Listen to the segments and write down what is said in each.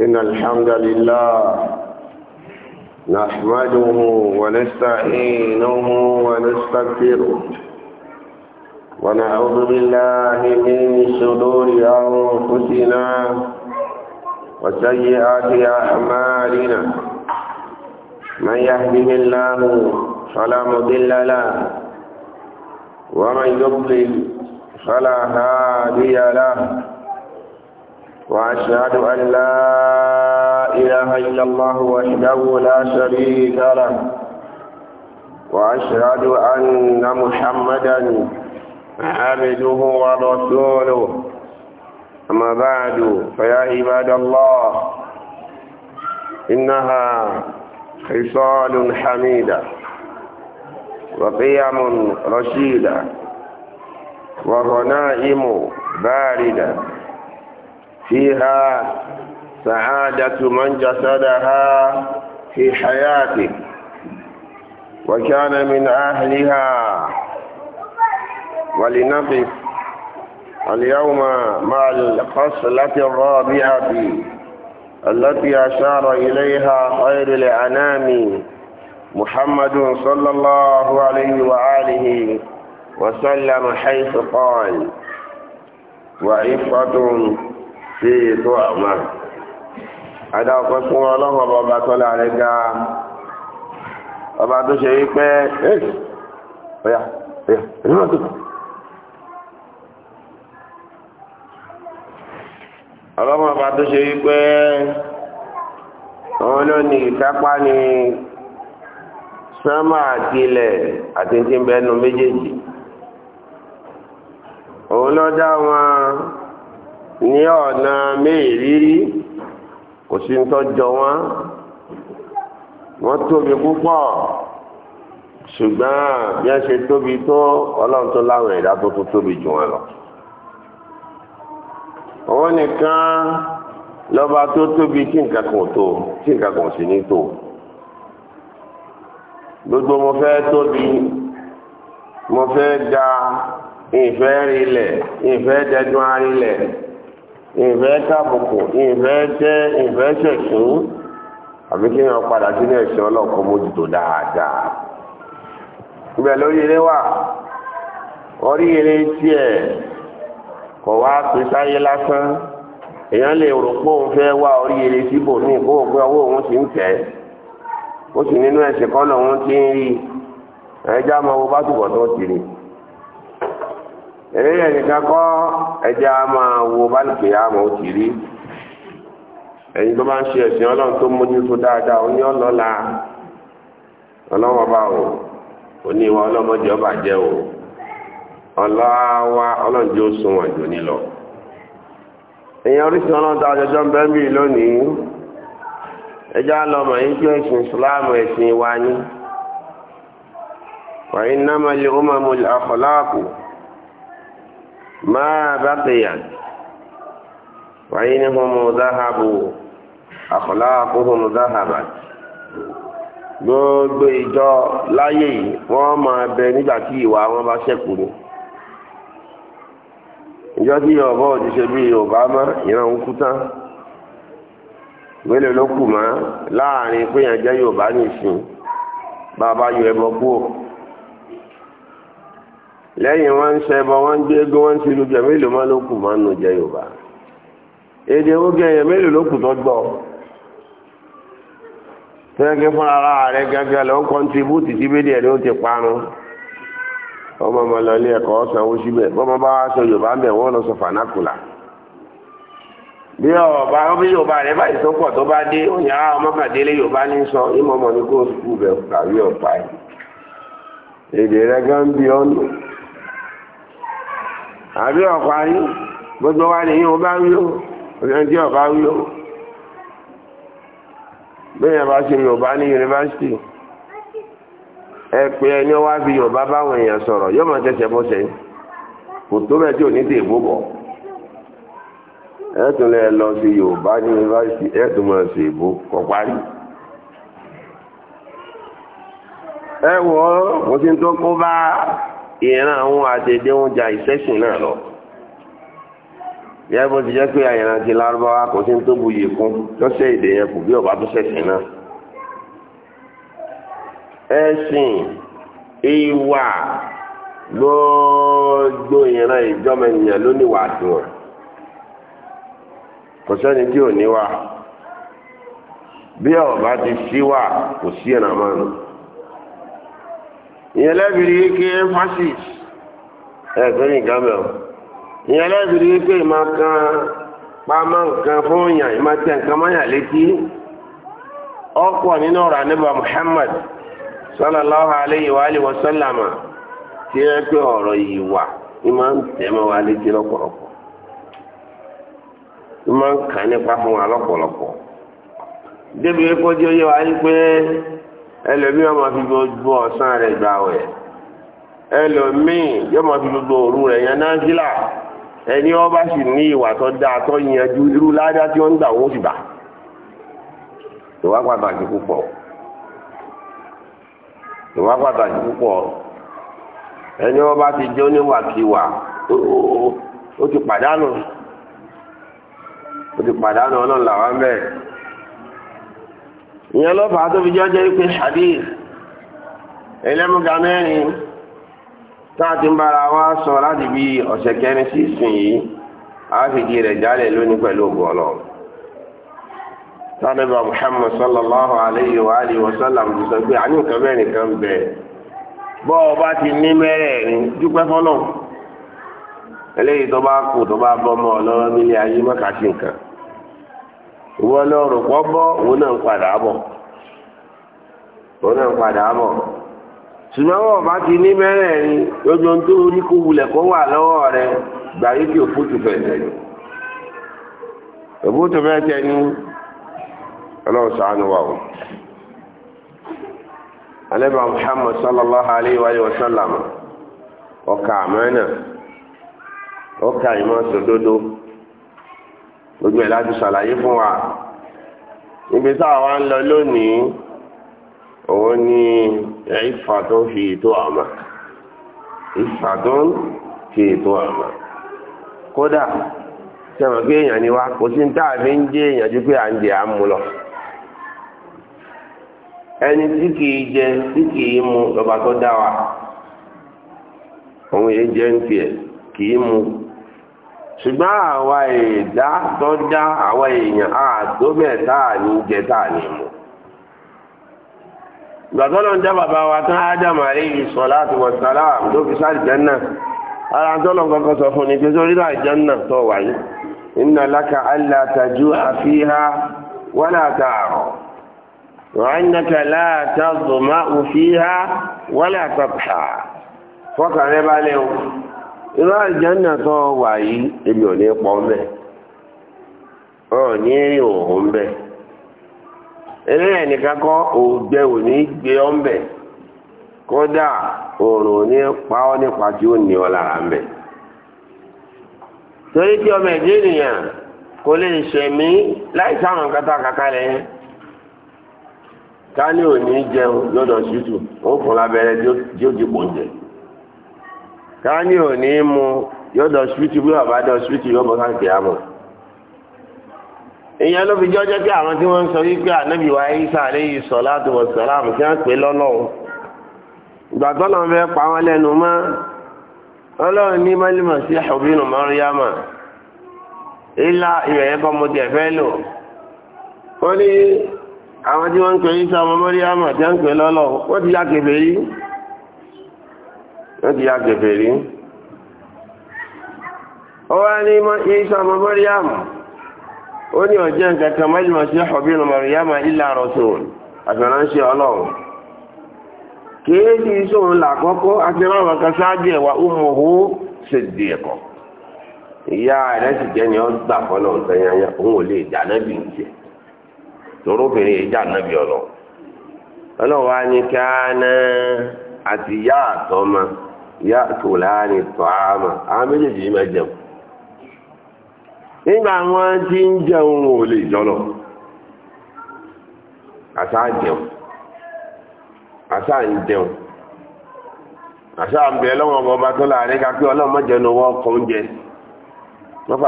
إن الحمد لله نحمده ونستعينه ونستغفره ونعوذ بالله من شرور أنفسنا وسيئات أعمالنا من يهده الله فلا مضل له ومن يضلل فلا هادي له وأشهد أن لا إله إلا الله وحده لا شريك له وأشهد أن محمدا عبده ورسوله أما بعد فيا عباد الله إنها خصال حميدة وقيم رشيدة وغنائم باردة فيها سعادة من جسدها في حياته وكان من أهلها ولنقف اليوم مع الخصلة الرابعة التي أشار إليها خير الأنام محمد صلى الله عليه وآله وسلم حيث قال وعفة في طعمة هذا قسم الله وبابا صلى عليك ọba tó ṣe wípé tó ṣe wípé ni sánmà àti ilẹ̀ àti tí ń bẹ nu méjèèjì òun ló dá wọn ní ọ̀nà méèrírí kò sí ń tọ́jọ wọn wọ́n tóbi púpọ̀ ṣùgbọ́n bí wọ́n ṣe tóbi tó ọlọ́run tó láwọn ẹ̀dá tó tó tóbi jù wọn lọ. òun nìkan lọ́ba tó tóbi tí nǹkan kan ò tó tí nǹkan kan ò sì ní tó gbogbo mo fẹ́ tóbi mo fẹ́ ga ìfẹ́ rilẹ̀ ìfẹ́ dẹdún arilẹ̀ ìfẹ́ tàbùkù ìfẹ́ tẹ́ ìfẹ́ ṣẹ̀sùn àbí kí wọ́n padà sínú ẹ̀sìn ọlọ́kọ̀ mójútó dáadáa ibẹ̀ lórí eré wà orí eré tiẹ̀ kọ̀ wá pé sáyé lásán èèyàn lè rò pé òun fẹ́ wá orí eré síbò ní ìkóhùn pé ọwọ́ òun ti ń tẹ̀ ẹ́ ó sì nínú ẹ̀sìn kan lọ́wọ́n ti ń rí ẹja máa wo bátùbọ̀ tó ti rí eré ẹnìkan kọ́ ẹja máa wo bálùkì yá máa ti rí ẹ̀yin tó bá ń ṣe ẹ̀sìn ọlọ́run tó mójú tó dáadáa ó ní ọlọ́la ọlọ́wọ́ bá o ó ní ìwà ọlọ́mọdé ọba jẹ́ o ọlọ́wà ọlọ́njẹ́ ó sunwọ̀n jù ní lọ èèyàn oríṣi ọlọ́run tó àjọjọ́ ń bẹ́ẹ̀ mí lónìí ẹjọ́ àlọ́mọ yìí jọ ẹ̀sìn ìsìláàmù ẹ̀sìn wa ni wà innama al-umamu al-akhlaqu ma baqiyat wà innahum dhahabu akhlaquhum dhahabat gbogbo ìjọ láyé yìí wọ́n máa bẹ nígbà tí ìwà wọn bá ṣẹ́kù ni ìjọ tí yorùbá ti ṣe bí yorùbá mọ́ ìran kú tán mélòó ló kù mọ́ láàrin pé yẹn jẹ́ yorùbá nìsín bàbá yọ ẹbọ kú ò lẹ́yìn wọ́n ń ṣẹbọ wọ́n ń gbé egun wọ́n ń ṣe lójú ẹ̀ mélòó má ló kù mọ́ nù jẹ́ yorùbá èdè ogún ẹ̀yẹ mélòó ló kù tó gbọ́ tẹ́gẹ́ fún ara rẹ̀ gẹ́gẹ́ lọ kọ́ntribútì sí bí díẹ̀ ni ó ti parun ọmọ ọmọ lọ ilé ẹ̀kọ́ sanwó síbẹ̀ bọ́mọ bá wá sọ yorùbá ń bẹ̀ wọ́n lọ sọ fànákùlà bí ọba bí yorùbá rẹ báyìí tó pọ̀ tó bá dé òyìn àwọn ọmọkàndínlé yorùbá ní sọ ìmọ̀ ọmọ ní kó sùkú bẹ̀ kàwé ọ̀pá yìí èdè rẹ gan bí ọ̀nà àbí ọ̀pá yìí gbogbo wa nìyí wọn bá wí ó ọ̀yàn tí ọ̀pá wí ó bẹ́ẹ̀ bá ṣe yorùbá ní yunifásitì ẹ pé ẹni wá fi yorùbá báwọn èèyàn sọ̀rọ̀ yóò máa tẹ̀sẹ̀ bọ́sẹ̀ kò tó bẹ́ẹ̀ tí ò ní tè bó bọ̀ ẹ̀tún lẹ́ lọ sí Yorùbá ní yunifásitì ẹ̀tún mọ̀ sí ìbò kọ̀ parí ẹwọ́ kò sí tó kó bá ìran àwọn àtẹ̀dẹ́ oúnjẹ ìṣẹ́sìn náà lọ yẹ bó ti jẹ́ pé àyàrán ti lárúbáwá kò sí tó bu yìí kún lọ́sẹ̀ èdè yẹn kò bí ọ̀bá tó ṣẹ̀sìn náà ẹ̀sìn ìwà gbogbo ìran ìjọmọ ènìyàn ló níwà tiwọn kò sẹ́ni tí ò ní wà bí ọ̀bá ti sí kò sí ẹ̀nà mọ́nu ìyẹn lẹ́bìrì kí emphasis ẹ̀sìn ìyẹn lẹ́bìrì nǹkan nínú ọ̀rọ̀ àníbà Muhammad sallallahu wa alihi wa sallama tí ẹ pé ọ̀rọ̀ yìí wà ìmọ̀ ń máa ń kà nípa fún wa lọ́pọ̀lọpọ̀ débi epo jẹ́ yẹ wáyé pé ọmọ fi gbogbo ọ̀sán rẹ̀ gbà wẹ̀ ẹlòmí yóò máa fi gbogbo òru rẹ̀ yẹn náà ẹni wọn bá sì ní ìwà tó dáa tó yanjú irú ládá tí ń gbà ìwà pàtàkì púpọ̀ ìwà pàtàkì púpọ̀ ẹni wọn bá ti jẹ́ oníwàkiwà ó ti ti pàdánù ọlọ́run làwọn bẹ́ẹ̀ ìyẹn lọ́fàá tó fi jọ́ jẹ́ pé ṣàdí mẹ́rin ń bára wá sọ láti bí ọ̀sẹ̀ kẹrin sí ìsìn yìí a fi di rẹ̀ jálẹ̀ lónìí pẹ̀lú ògùn ọlọ́run sálẹ́bà sallallahu alayhi wa wa sallam ti sọ pé àní nǹkan mẹ́rin kan bọ́ ọ bá ti ní dúpẹ́ eléyìí tó bá kù tó bá bọ́ mọ́ ọ lọ́wọ́ nílé ayé mọ́kàtí nǹkan ìwọ lọ́rùn pọ́ bọ́ òun náà ń padà bọ̀ òun náà ń padà bọ̀ ṣùgbọ́n wọn ti ní mẹ́rẹ̀ẹ̀rin lójú ohun tó ní kó wulẹ̀ kó wà lọ́wọ́ rẹ gbà yí kí ni ni ọlọ́run o alẹ́bà Muhammad sallallahu alayhi wa sallam ọkà àmọ́ gbogbo ẹ̀ láti ṣàlàyé fún wa ibi táwa wá ń lọ lónìí òun ni ìfà tó fi ètò àmà ìfà tó ń fi ètò àmà kódà sẹ́wọ̀n pé èèyàn ni wá kò sí ní táà fi ń jẹ́ èèyàn ju pé à ń jẹ àmú lọ ẹni tí kìí jẹ tí kìí mu lọ́ba tó dá wa òun yẹn jẹ́ ń tiẹ̀ kìí mu ṣùgbọ́n àwa ẹ̀dá tó dá àwa èèyàn àtọ́bẹ̀ tá à ní jẹ tá à ní mu. gbàtọ́ ló ń jẹ́ bàbá wa tán ádámù alayhi salatu wa salam tó fi sáà Janna ara tó lọ kọ́kọ́ sọ fún ni pé sórí láà tó wà yìí inna laka alla taju'a fiha wala ta'ra wa innaka la tadma'u fọ́kànlẹ́ balẹ̀ o. irú àjẹ́nà tó wà yìí èmi ò ní pọ̀ mẹ́ ọ̀ ní èrè òun bẹ́ eléyà nìkan kọ́ ò ní gbé ọ́ ń kódà òòrùn ò ní pa ọ́ nípa tí ó ní ọ lára ń torí tí ọmọ ènìyàn kò lè ṣẹ̀mí láì sáwọn kátà táwọn ní ò ní mu yóò dọ̀ ṣíwítì bí ọba dọ̀ ṣíwítì yóò bọ́ káàkiri àmọ́ ìyẹn ló fi jọ́jọ́ pé àwọn tí wọ́n ń sọ wípé ànábì wa Ìsá alayhi salatu wa salam tí wọ́n pè lọ́lọ́run ìgbà tó lọ́n fẹ́ pa wọ́n lẹ́nu mọ́ ọlọ́run ní Masihu binu Maryama ilá ìrẹ̀yẹ́ kọ́ mo tẹ̀ fẹ́ lò ó ní àwọn tí wọ́n ń pè Ìsá ọmọ Maryama tí wọ́n pè lọ́lọ́run wọ́n ti yá kẹfẹ́ yìí. ndị ya agbègbè rí n'ime isa ma mọ́ríyàmù onye ní nke nǹkan kan mẹ́jìmọ̀ sí ọ̀bínú mọ́ríyàmù illa rasul àfẹ́ránṣẹ́ ọlọrụ kìí sí ìṣòro làkọ́kọ́ àfẹ́rán àwọn kan ṣáájú ẹ̀wà ummuhu siddiqa ìyá rẹ̀ sì jẹ́ ni ó gbà fọ́nà ọ òun ò ya ta'ama àwọn méjèèjì yìí máa jẹun nígbà wọn Asa jọlọ Asa jẹun Asa ń jẹun àṣà ń bẹ lọ́wọ́ ọmọ ọba tó láàrin ká pé ọlọ́mọ jẹun wọ́n kọ oúnjẹ wọ́n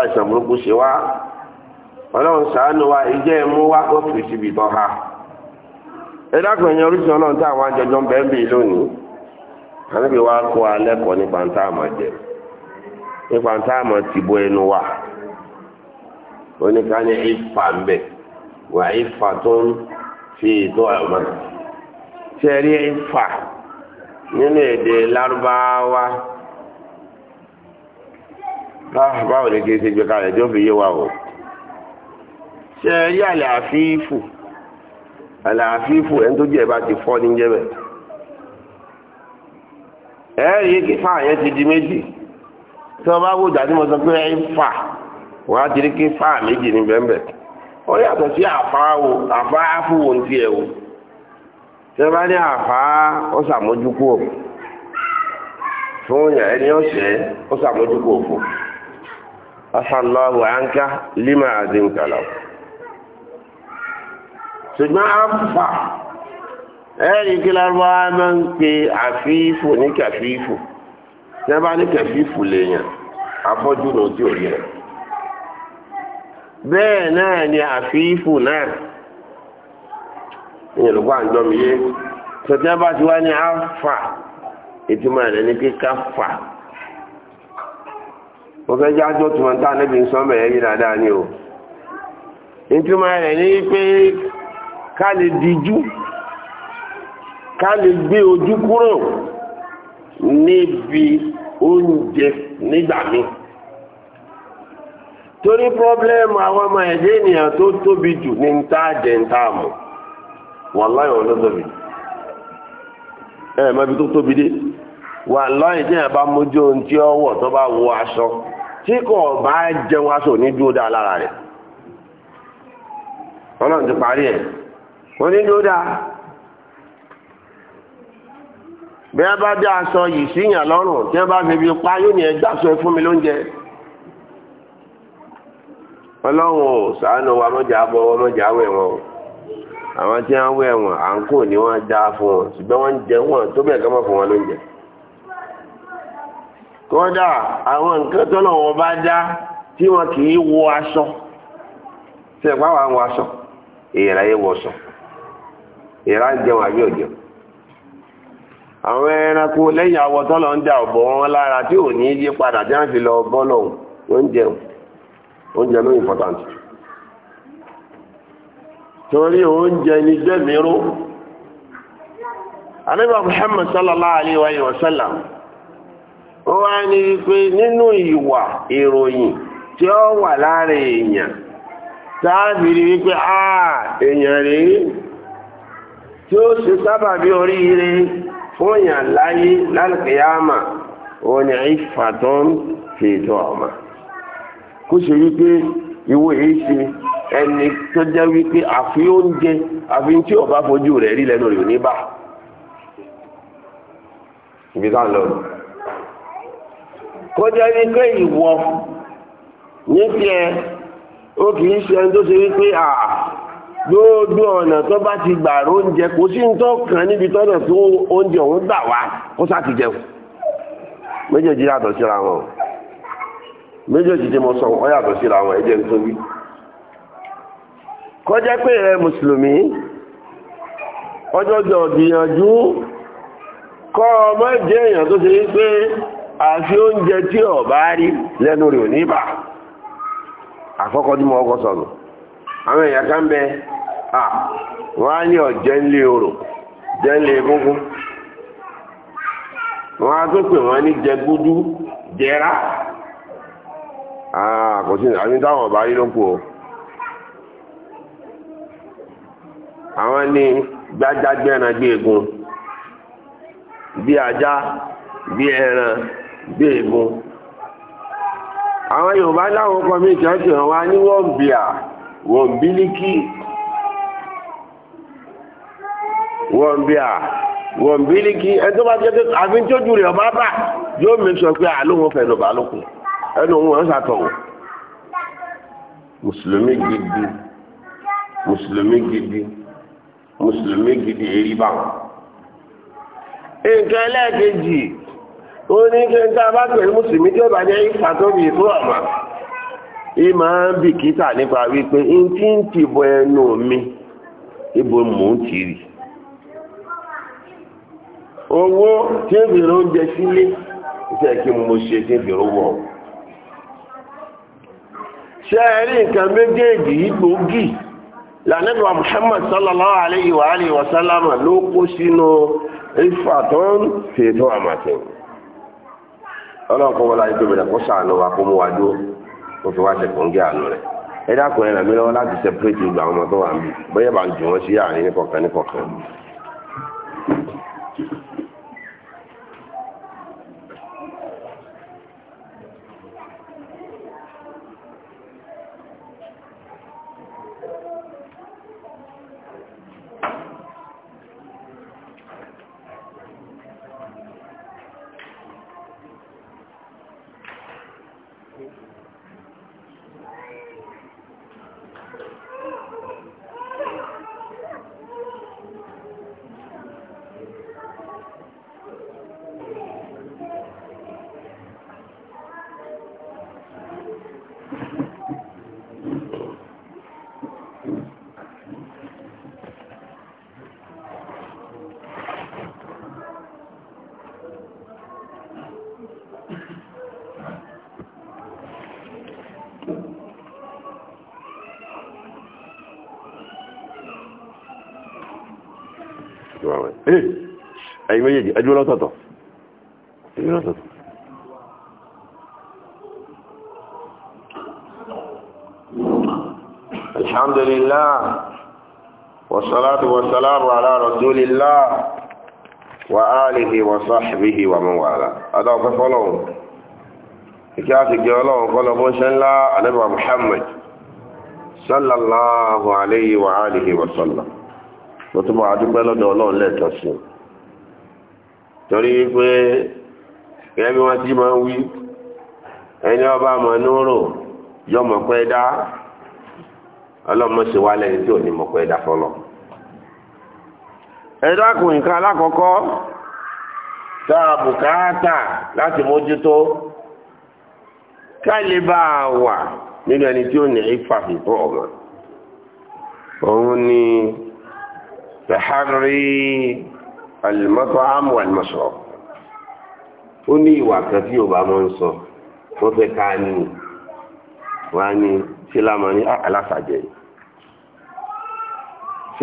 fà ha ẹ dákùnrin oríṣi ọlọ́run ànábì wa kọ́ alẹ́ kọ́ nípa ntá àmọ́ jẹ nípa ntá àmọ́ ti bọ́ ẹnu wa oníkan ifa ìfà ń bẹ̀ tó ń fi ètò àmọ́ sẹ́rí ìfà nínú èdè lárúbáwá báwo ni kí n ṣe gbé kalẹ̀ tí ó fi yé wa o sẹ́rí àlàáfíìfù àlàáfíìfù ẹni tó jẹ́ bá ti fọ ẹ̀rí kí fà yẹn ti di méjì tí wọ́n bá wò dájú mo sọ pé ẹ̀ fà wọ́n á ti rí kí fà méjì ní bẹ́ẹ̀ ó yàtọ̀ sí àfáwò àfáàfù wo ti ẹ̀ wò tí wọ́n bá ní àfá ó sàmójúkú ò fún ẹni ọ̀sẹ̀ ó sàmójúkú ẹ̀rí kí lárúbáwá máa ń pe àfíìfù ní kàfíìfù tí wọ́n bá ní lèèyàn afọ́jú rẹ̀ bẹ́ẹ̀ náà ni afi náà ìyẹn ló kọ́ yé tọ́tí wọ́n bá ti wá ní àfà ìtumọ̀ rẹ̀ ní kíkà fà fẹ́ jẹ́ àjọ ni o ìtumọ̀ ní pé ká lè gbé ojú kúrò níbi oúnjẹ nígbà torí pọ́blẹ́mù àwọn ọmọ ẹ̀dẹ́ ènìyàn tó tóbi jù ní ń jẹ ń mọ̀ wọ́n láyọ̀ tó tóbi dé wà láyìn tí yẹn mójú ohun tí ó wọ̀ bá wọ aṣọ tí kò bá jẹun aṣọ ní lára rẹ̀ ọlọ́run ti parí ẹ̀ bí wọ́n bá dé aṣọ yìí síyàn lọ́rùn tí wọ́n bá fi bí pa yóò ní ẹgbẹ́ aṣọ fún mi lóúnjẹ. ọlọ́run ò sàánù wa mọ́jà bọ́ wọn mọ́jà wẹ̀ wọn o àwọn tí wọ́n wẹ̀ wọn à ń kò ní wọ́n dá fún wọn ṣùgbọ́n wọ́n ń jẹ wọn tó bẹ̀ kọ́ mọ́ fún wọn lóúnjẹ. kódà àwọn nǹkan tọ́nà wọn bá dá tí wọn kì í wọ aṣọ ṣe ìpáwà ń wọ aṣọ èèrà yẹ wọ aṣọ èèrà jẹun àbí òjò àwọn ẹranko lẹ́yìn awọ tọ́lọ ń dà ọ̀bọ̀ wọn lára tí ò ní yí padà tí wọ́n o lọ bọ́lọ̀ oúnjẹ oúnjẹ ló torí oúnjẹ ní gbẹ̀míró anábà Muhammad sallallahu alayhi wa sallam ó wá ní wípé nínú ìwà ìròyìn tí ó wà lára èèyàn táàbìrì wípé ah, èèyàn rèé tí ó ṣe fún yàn láyé lálùkìyàmà òun ni ìfàtọ́n fi ìjọ ọmọ kó ṣe wípé ìwé yìí ṣe ẹni tó jẹ́ wípé àfi oúnjẹ àfi tí ọba fojú rẹ̀ rí lẹ́nu rẹ̀ ò ibi ká lọ kọjá wípé ìwọ ní tiẹ̀ ó kì í ṣe ẹni tó ṣe wípé àà. lóòdù ọ̀nà tó bá ti gbà oúnjẹ kò sí ń tó kàn níbi tọ́nà tó oúnjẹ òun gbà wá kó sáti jẹun méjèèjì yàtọ̀ síra wọn méjèèjì tí mo sọ ọ yàtọ̀ síra wọn ẹjẹ́ kọjá pé mùsùlùmí gbìyànjú kọ́ ọmọ èèyàn tó ṣe àfi oúnjẹ tí ọ̀ bá rí lẹ́nu rẹ̀ ò ní àkọ́kọ́ tí mo ọkọ̀ àwọn èèyàn kan à wọ́n á ní ọ̀jẹ́ ńlé orò jẹ́ ńlé egungun wọ́n á tó pè wọ́n ní jẹ jẹgúdú jẹrá kò sí àmì táwọn ọba rí ló kù o àwọn ní gbẹ́ran gbé egun bí ajá bí ẹran bí egun àwọn Yorùbá láwọn kọmíkì ọ̀sẹ̀ wọn á ní wọ́n bíà wọ́n bí bílíkì wọ́n bí a wọ́n bí ní kí ẹni tó bá jẹ́ pé àfi tí ó ju rẹ̀ ọba bá yóò mi sọ pé àlóhùn fẹ̀ lọ́ba lókun ẹnu òun wọn ṣàtọ̀wọ̀ mùsùlùmí gidi mùsùlùmí gidi mùsùlùmí gidi èrí bá wọn. nǹkan ẹlẹ́ẹ̀kejì ó ní kí n tá a bá pè ní mùsùlùmí tí ó bá jẹ́ ìfàtọ́bì tó àmà ìmọ̀ bìkítà nípa wípé n ń tìbọ̀ ẹnu mi ibo mò ń tì rí. owó tí ó bèrè oúnjẹ sílé iṣẹ́ kí mo ṣe tí ó bèrè owó ọ̀hún. ṣé rí nǹkan méjèèjì yìí gbòógì wa Muhammad sallallahu alayhi wa alayhi wa sallam ló kó sínú ifá tó ń fètò àmàtẹ́ ọlọ́nkọ́ wọlé ayé tó sàánú wa kó mú wa dúró kó fi wá ṣe àánú separate ìwà rẹ̀ ẹ̀yìn méjèèjì ẹjú lọ́tọ̀ọ̀tọ̀ ẹjú lọ́tọ̀ọ̀tọ̀ alhamdulillah wasalatu wasalamu ala rasulillah wa alihi wa sahbihi wa man wala ada ko fọlọ́hun ìkí a ti gẹ ọlọ́run kọlọ bó ṣe ńlá ànábì sallallahu alayhi wa alihi wa sallam mo tún máa dúpẹ́ lọ́dọ̀ ọlọ́run lẹ́ẹ̀kan i torí pé gẹ́gẹ́ bí wọ́n ti máa ń wí ẹni ọba mọ̀ yọ mọ̀ pẹ́ dá ọlọ́mọ ṣe wá lẹ́yìn tí ò ní mọ̀ pẹ́ dá fọlọ́ ẹ̀dọ́ àkùnrin kan alákọ̀ọ́kọ́ tá a bùkátà láti mójútó káàlì bá a wà nínú ẹni tí ní ni. tẹ̀hárí alimọ́tọ́hámù alimọ́sọ̀ ó ní ìwà kan tí yorùbá máa ń sọ wọ́n fẹ́ ká ní wọ́n á ní sílámà ní ah,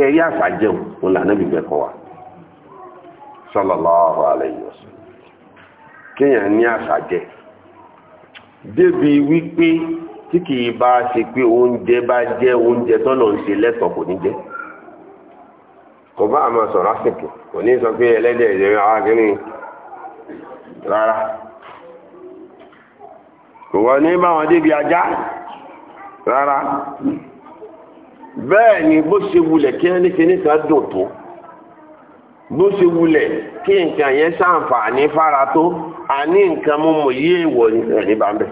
rí àṣàjẹ́ òun lànà bíbẹ̀ kọ́ wa sallallahu ní àṣàjẹ́ débi wípé tí kìí bá pé kò bá àmọ́ sọ̀rọ̀ àsìkò kò ní sọ pé ẹlẹ́dẹ̀ ìjẹ̀rẹ̀ àwọn akínní ah, rárá kò wọ́n ní bá wọn débi ajá rárá bẹ́ẹ̀ ni bó ṣe wulẹ̀ kí ẹni kíní kan dùn tó bó ṣe wulẹ̀ kí nǹkan yẹn ṣàǹfààní fara tó àní nǹkan mú mọ̀ yí èèwọ̀ ní ẹ̀ní bá ń bẹ̀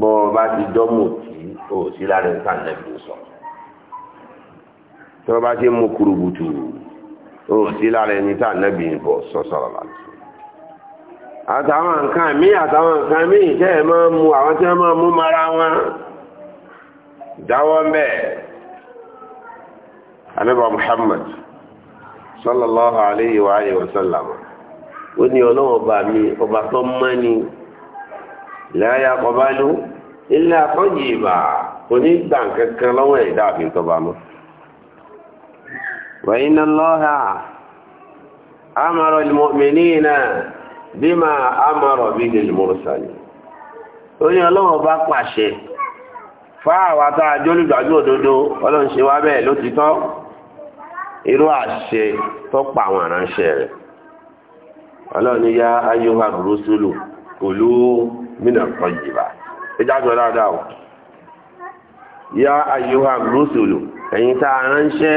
bọ́ ọ bá ti dọ́mù tí o sí lára nǹkan lẹ́bi sọ̀rọ̀. tó bá ṣe mú kúrúbùtù ó sí lára ẹni tá nẹ́bí bọ̀ sọ́sọ̀rọ̀ láti àtàwọn nǹkan mí àtàwọn nǹkan mí tẹ́ ẹ̀ máa mú àwọn tí wọ́n máa mú mara wọn dáwọ́ sallallahu alayhi wa alayhi wa sallam ó ní ọlọ́wọ́ bá mi ọba tó mọ́ ni láyà kọbalú ilé àkọ́jì ìbà kò ní gbà kankan lọ́wọ́ ẹ̀dá àfihàn tó bá mọ́. وإن الله أمر المؤمنين بما أمر به المرسلين oyin ọlọ́wọ́ bá pàṣẹ fáwọn àtà àjọlùgbàjú òdodo ọlọ́run wá bẹ́ẹ̀ ló ti tọ́ irú àṣẹ tó pa àwọn aránṣẹ́ rẹ̀ ọlọ́run ya ayọ́wà olu kòlú mínà kọjìbà ìjágbọ́ dáadáa ya ayọ́wà rúrúsùlù ẹ̀yin tá aránṣẹ́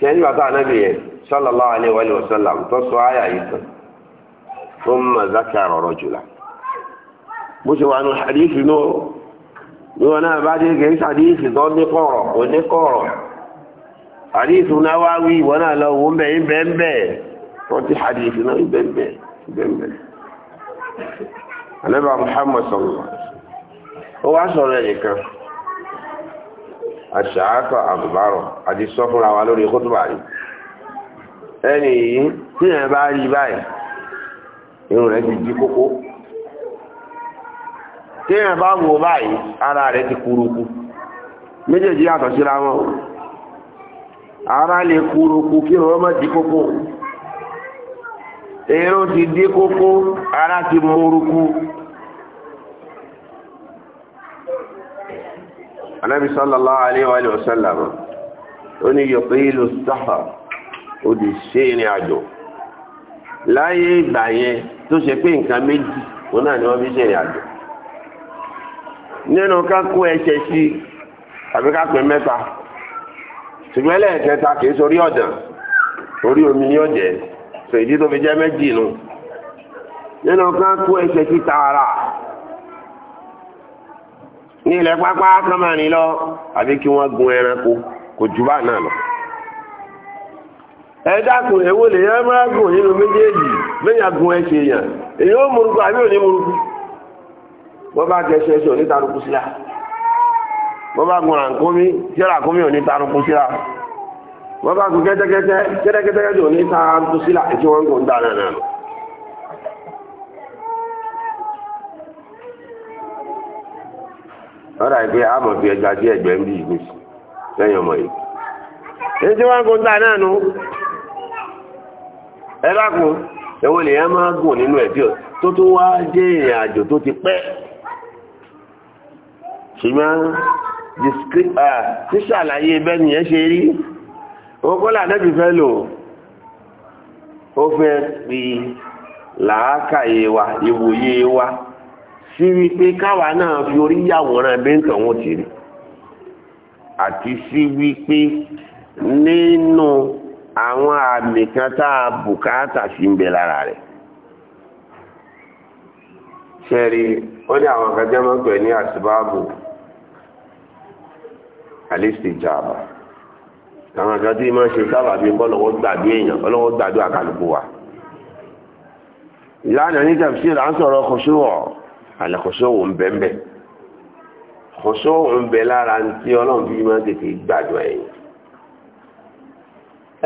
sẹ́yìn bàtà anábì yẹn sallallahu alaihi wa sallam tó yìí tán tó ń mọ̀ bó ṣe wà ní hadithi náà ní wọn náà bá dé hadithi tó ní kọ̀rọ̀ kò ní kọ̀rọ̀ hadithi náà wá wí ìwọ náà lọ wọ́n ń hadithi náà ń ń ń anábà Muhammad sallallahu ó wá sọ̀rọ̀ ẹ̀yìn kan àṣàátọ̀ àbùbárọ̀ àti sọ fúnra wa lórí kótóbà rí ẹni yìí tí ẹ bá rí báyìí irun rẹ̀ ti di kókó tí ẹ bá wò báyìí ara rẹ̀ ti kúrukú méjèèjì yàtọ̀ síra wọn ara lè kúrukú kí wọ́n má di kókó irun ti di kókó ara ti múrukú anábi sallallahu alayhi wa sallam ó ní yọ̀pẹ̀lú sáfà ó di ṣe ìrìn àjò láyé ìgbà yẹn tó ṣe pé nǹkan méjì òun náà ni wọ́n fi ṣe ìrìn àjò nínú ká kó ẹsẹ̀ sí tàbí ká mẹ́ta ṣùgbọ́n ẹlẹ́ẹ̀kẹta kìí sórí ọ̀dàn orí omi ni ọ̀jẹ̀ sọ tó fi jẹ́ méjì nu nínú ká ẹsẹ̀ sí tààrà ní ilẹ̀ pápá kán máa rìn lọ àbí kí wọ́n gun ẹranko kò jù bá náà lọ. ẹ dákun èwo lè yẹn máa gùn nínú méjèèjì lẹ́yìn gun ẹsẹ̀ èèyàn èyí ó múrukú àbí òní múrukú wọ́n bá kẹsẹ̀ ẹsẹ̀ òní tarukú síra wọ́n bá gun rànkómi tí rànkómi òní tarukú síra wọ́n bá gun kẹ́tẹ́kẹ́tẹ́ kẹ́tẹ́kẹ́tẹ́ òní tarukú síra èyí wọ́n gùn dáadáa náà ọ̀rọ̀ àìpé àmọ̀ ẹja sí ẹgbẹ́ bí ìlú sí lẹ́yìn ọmọ yìí. èyí tí wọ́n gúnta náà máa gùn nínú ẹ̀bí ti pẹ́. ṣe rí fẹ́ lò ó fẹ́ làákàyè wa ìwòye wa. sí wípé káwa náà fi orí yàwòrán bẹ́ńtọ̀ ti rí àti sí wípé nínú àwọn àmì kan tá a bùkátà sí ń bẹ lára rẹ̀ ṣẹ́rí ó ní àwọn akadẹ́mọ́ pẹ̀ ní àsìbáàbò alistijaba àwọn àjọ tí máa ṣe sábà bọ́lọ́wọ́ gbàdú èèyàn ní àlàkọ̀ṣọ́ òun bẹ́ẹ̀ kọ̀ṣọ́ òun bẹ́ẹ̀ lára tí ọlọ́run fi máa tètè gbàdọ̀ ẹ̀yìn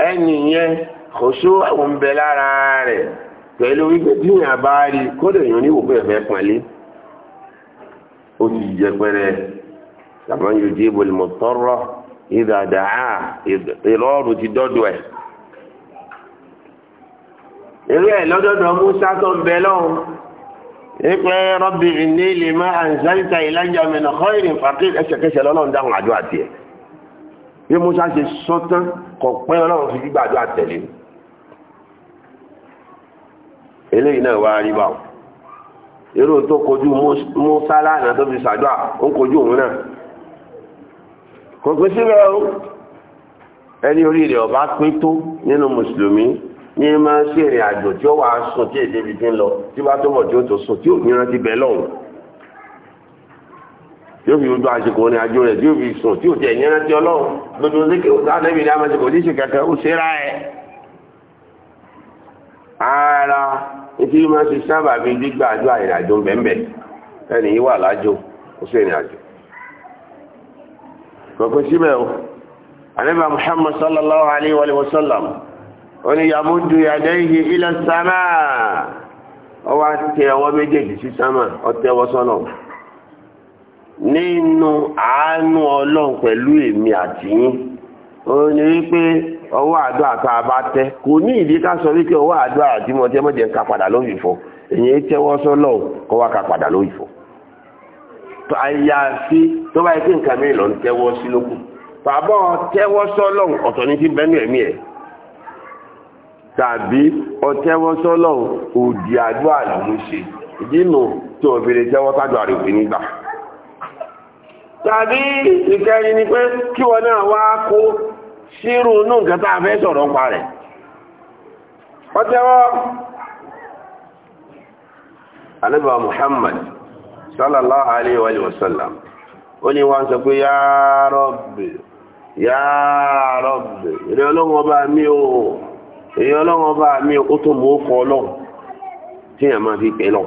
ẹni yẹn kọ̀ṣọ́ òun bẹ́ẹ̀ lára rẹ̀ pẹ̀lú wípé bí èèyàn bá rí kódà èèyàn níwò pé ẹ̀fẹ́ pọ̀nlé ó ti jẹ pẹrẹ tàbí yóò dé ìbòlùmọ̀ tọ́rọ̀ ìdàdà ìrọ̀rùn ti dọ́dọ̀ ẹ̀ eré ẹ̀ lọ́dọ̀dọ̀ Musa tó ń bẹ lọ́hùn ìpẹ́ rọ́bì ní ilé máa àǹsáríta ìlàjà mẹ́nà kọ́ìrìn fàkí ẹsẹ̀kẹsẹ̀ lọ́lọ́run dáhùn àjọ àti ẹ̀ bí Musa ṣe sọ́tán kọ̀ pẹ́ ọlọ́run fi gbígbà àjọ àtẹ̀lé eléyìí náà wá rí irú tó kojú Musa lánàá tó fi ṣàdúà ó kojú òun náà kò pín síbẹ̀ ẹni orí rẹ̀ ọba pín tó nínú mùsùlùmí ní máa ń ṣèrìn àjò tí ó wà sùn tí èdè ibi ti ń lọ tí bá tó bọ̀ tí ó tó sùn tí ò ní rántí bẹ́ẹ̀ lọ́hùn tí ó fi gbogbo àsìkò ní àjò rẹ̀ tí ó fi sùn tí ò tẹ̀ ní rántí ọlọ́run gbogbo síkè òtá amásìkò ní ṣe kẹ̀kẹ́ ó ṣera ẹ̀ ara etí máa ṣe sábà bí gbígbà àjọ àìrìnàjò bẹ́ẹ̀ ẹni yìí wà lájò ó ṣèrìn àjò kọ̀ọ̀kan síbẹ̀ o àníbà Muhammad sallallahu alayhi wa sallam oní yàmúdù yàdẹ́yìí ilẹ̀ sámà ọ wá tẹ ọwọ́ méjèèjì sí sámà ọtẹwọ́ sọ́nà nínú àánú ọlọ́run pẹ̀lú èmi àti yín ní wípé ọwọ́ àdó àtọ́ àbá tẹ kò ní ìdí ká sọ wípé ọwọ́ àdó àti mọ̀tẹ́ mọ̀jẹ̀ padà sọ́nà ka padà tó bá yẹ kí nǹkan mìíràn sí bàbá sọ́nà tàbí ọtẹ́wọ́ sọ́lọ̀ òdì àdúrà lòún ìdínú tí wọ́n fi lè tẹ́wọ́ sájọ àròkè nígbà. tàbí ìkẹyìn ni pé kí wọ́n náà wá kó sírù inú nǹkan tá a fẹ́ sọ̀rọ̀ pa rẹ̀. ọtẹ́wọ́ alábà Muhammad sallallahu alayhi wa sallam ó ní wọ́n sọ pé ya Rabbi ya Rabbi ìrẹ́ ọlọ́wọ́ bá mi ò. èyí ọlọ́run ọba mi ó tó mú ọkọ̀ ọlọ́run tí yàn máa fi pè lọ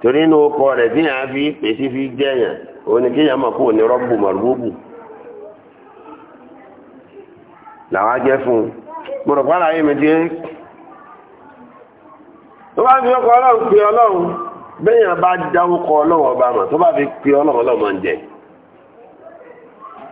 torí inú ọkọ̀ rẹ̀ tí yàn á fi pè sí fi jẹ́ yàn òun ni kí yàn máa kú òní rọ́bù mọ̀rúbù làwọn á jẹ́ fún un mo rò pàlà yìí mi dé tó bá fi ọkọ̀ ọlọ́run pè ọlọ́run bẹ́yàn bá dá ọkọ̀ ọlọ́run ọba mà tó bá fi pè ọlọ́run ọlọ́run máa ń jẹ́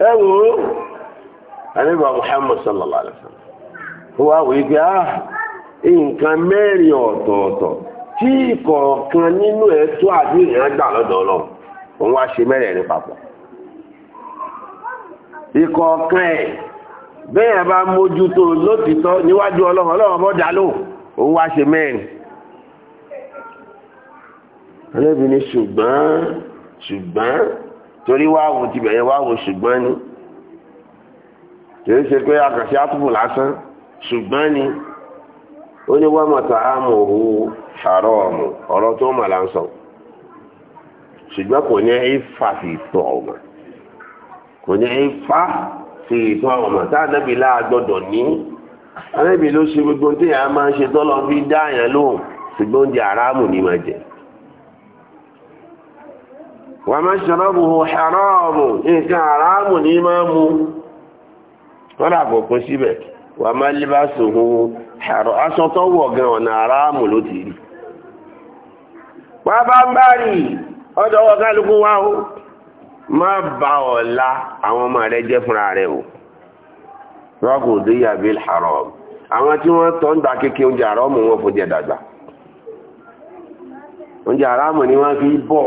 ẹ wò ó àníbà Muhammad sallallahu alaihi wa sallam ó wá wò igi ah nǹkan mẹ́rin ọ̀tọ̀ọ̀tọ̀ tí kọ̀ọ̀kan nínú ẹ̀ tó àdéhùn gbà lọ́dọ̀ ọlọ́run òun wá ṣe mẹ́rẹ̀ẹ̀rin papọ̀ ìkọ̀ọ̀kan ẹ̀ bẹ́ẹ̀ bá mójútó lótìtọ́ níwájú ọlọ́run ọlọ́run bọ́ dá lò òun wá ṣe mẹ́rin alẹ́bìnrin ṣùgbọ́n ṣùgbọ́n torí wáwo ti bẹ̀yẹ wáwo ṣùgbọ́n ni kìí ṣe pé àkànṣe àtúbù lásán ṣùgbọ́n ni ó ní wọ́n mọ̀tà àmọ̀ òhun ṣàrọ̀ ọ̀mù ọ̀rọ̀ tó mọ̀ láǹsọ̀ ṣùgbọ́n kò ní ìfà sí ìtọ̀ ọ̀mà kò ní ìfà sí ìtọ̀ ọ̀mà tá ànábì láàgbọ́dọ̀ ní ànábì ló ṣe gbogbo tí yàrá máa ń ṣe tọ́lọ́ fi dá àyàn lóhùn ṣùgbọ́n oúnjẹ àràmù ni máa jẹ́ ومشربه حرام إنك حرام الإمام ولا nimamu. سيبك وملبسه حرام أسطوه قلنا حرام لتيري bàbá ń bá rí ọjọ́wọ́ kálukú wá ó má bá ọ̀la àwọn ọmọ rẹ̀ jẹ́ fúnra rẹ̀ o rọ́gùn haram àwọn tí wọ́n tọ́ ń gba kéke oúnjẹ wọn dàgbà ni wọ́n fi bọ́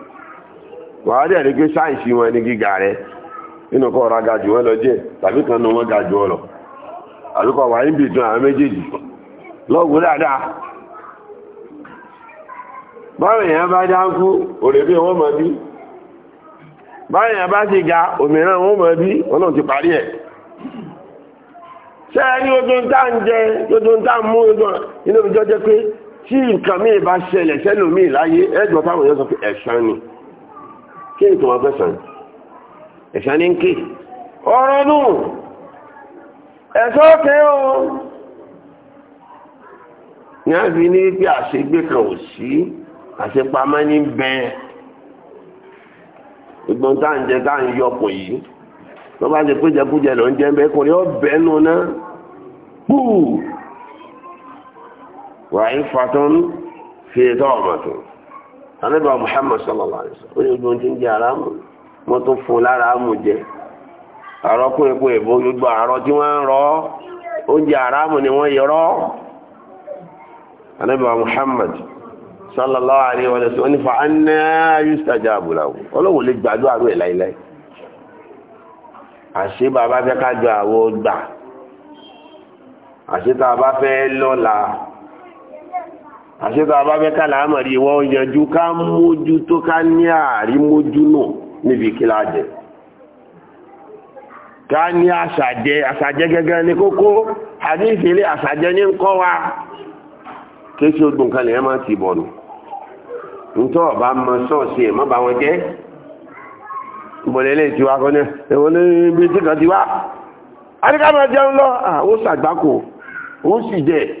wàá dẹ̀ rí pé sáìsì wọn ní gíga rẹ̀ nínú kọ́ ọ̀rá lọ jẹ́ tàbí kan nu wọn ọ lọ àbíkọ wà níbi ìtàn àwọn méjèèjì lọ́gùn dáadáa báwọn èèyàn bá dá ń kú wọ́n mọ̀ bí báwọn èèyàn bá ti ga bí ti parí ẹ̀ ojú ń ń jẹ ojú ń ń mú ojú inú jẹ pé tí nǹkan bá ṣẹlẹ̀ kí n tó máa fẹ́sàn nù ẹ̀sọ́ kẹ́ o ní a fi ní pé kan ò sí àṣepamọ́ ní bẹ́ẹ̀ ìgbọ́n tá ń jẹ tá yìí tó bá péjẹkújẹ lọ fi anábà Muhammad sallallahu alaihi wasallam ó ní ojú ohun tí ń jẹ aráàmù wọn tó fún lára àmù jẹ àrọ kún epo ìbò gbogbo àrọ tí wọn ń rọ oúnjẹ aráàmù ni wọn yọrọ anábà Muhammad sallallahu alaihi wasallam ó ní fa anna yustajabu ọlọ́wọ́ lè gbàdúrà rẹ̀ láìláì àṣé bàbá fẹ́ ká jọ àwọ̀ gbà àṣé tá a bá fẹ́ lọ́la àṣetò abábẹ́ká làámọ̀rí ìwọ yanjú ká mójú tó ká ní ààrí mójú nù níbi kílá jẹ ká ní àṣàjẹ àṣàjẹ gẹ́gẹ́ ní kókó àdéhìí ilé àṣàjẹ ní ń kọ́ wa kéṣe ogun kan lè máa ti bọ̀nù ntọ́ ọba mọ sọ́ọ̀sì ẹ̀ má ba wọn jẹ́ ìbọ̀lẹ̀ ilé ìtiwa kan ní ẹ̀wọ̀n ní ibi tí kan ti wá. adékámọ̀ jẹun lọ àwọn sàgbákò ó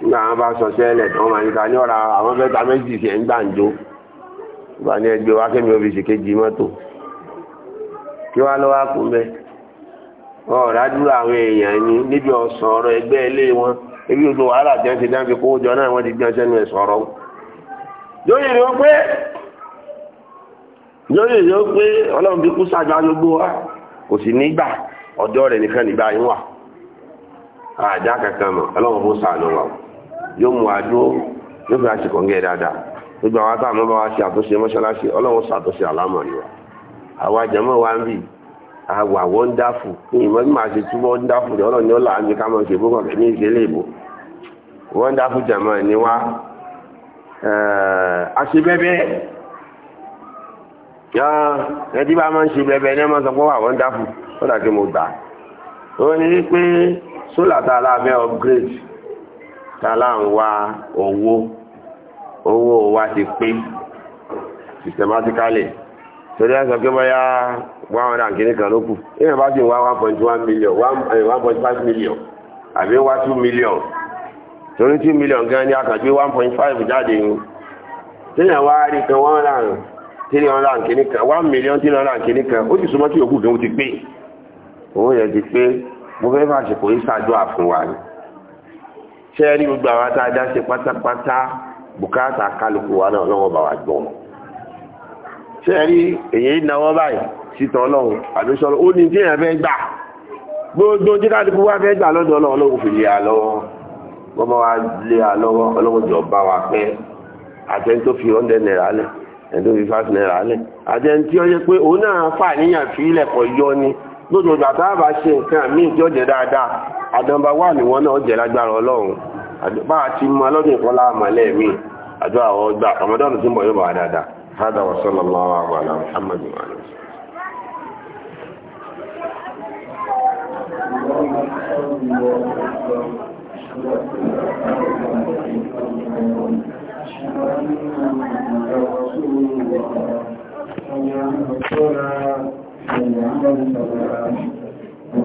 nígbà wọn bá sọ sẹ́lẹ̀ ní ọ̀ra àwọn fẹ́ta méjì ń ní ẹgbẹ́ wa kẹ́mi òbí ṣèkejì mọ́tò kí wá lọ́wọ́ kú àwọn èèyàn ní níbi ọ̀sán ọ̀rọ̀ ẹgbẹ́ ilé wọn ebi gbogbo wàhálà tí si ti jọ náà ti ni pé ni pé bí kú wa kò nígbà nìkan nígbà yín wà àjá kankan yóò mú adúró yóò fi àṣekọ̀ ń gẹ̀ dáadáa gbogbo àwọn tá àmọ́ bá wa ṣe àtúnṣe mọ́ṣáláṣí ọlọ́run ṣàtúnṣe àlámọ̀ ni wa àwa jẹ́mọ́ wa ń bì àwà wọ́ndáfù ní ìmọ̀ bí màá ṣe túbọ̀ wọ́ndáfù ni ọlọ́run ni ó là á ń bí ká mọ̀ ṣe bókàn ní ìṣẹ́lẹ̀ ìbò wọ́ndáfù jẹ̀mọ́ ni wa àṣebẹ́bẹ́ ẹtí bá máa ń ṣe bẹ́bẹ́ ní ọmọ sọ pé wà wọ́ndáfù ó kí mo gbà ó ní pé sólà tá a lábẹ́ upgrade Tala ń wá owó owó wa ti pé systematically torí ẹ̀sọ́ pé bọ́yá 100 kìíní kan ló kù ìyẹn bá sì wá 1.1 million 1.5 eh, million àbí wá 2 million torí 2 million gan ni a kàn gbé 1.5 jáde yìí tíyàn wá rí kan 100 300 kìíní kan 1 million 300 kìíní kan ó sì súnmọ́ tí òkú gan ó ti pé owó yẹn ti pé mo fẹ́ fàṣẹ kò ní ṣàdúrà fún ni ṣe rí gbogbo àwọn atájá ṣe pátápátá bùkátà kálukú wa náà lọ́wọ́ bá wa gbọ́ ṣe rí èyí náwó báyìí sítọ̀ ọlọ́run àdúṣọ́lọ́ ó ní tí èèyàn fẹ́ gbà gbogbo tí kálukú wa fẹ́ gbà lọ́dọ̀ ọlọ́run ló fi lè àlọ́wọ́ wọ́n bá wa lé àlọ́wọ́ ọlọ́run jọ bá wa pẹ́ àtẹ́ni tó fi hundred naira lẹ̀ ẹni tó fi five naira lẹ̀ àtẹ́ni tí ó yẹ pé òun náà fà níyàn fi ilẹ̀ kọ̀ yọ ni lójoojúmọ́ àtàwọn bá ṣe nǹkan míì tí dáadáa àdánbà wà ní wọn náà jẹ́ lágbára ọlọ́run bá a ti mọ lọ́dún ìkọlá àmàlẹ́ mi àjọ àwọn ọgbà ọmọdọ́nù tí ń yóò bá dáadáa wa sallallahu ala Muhammad wa ma Thank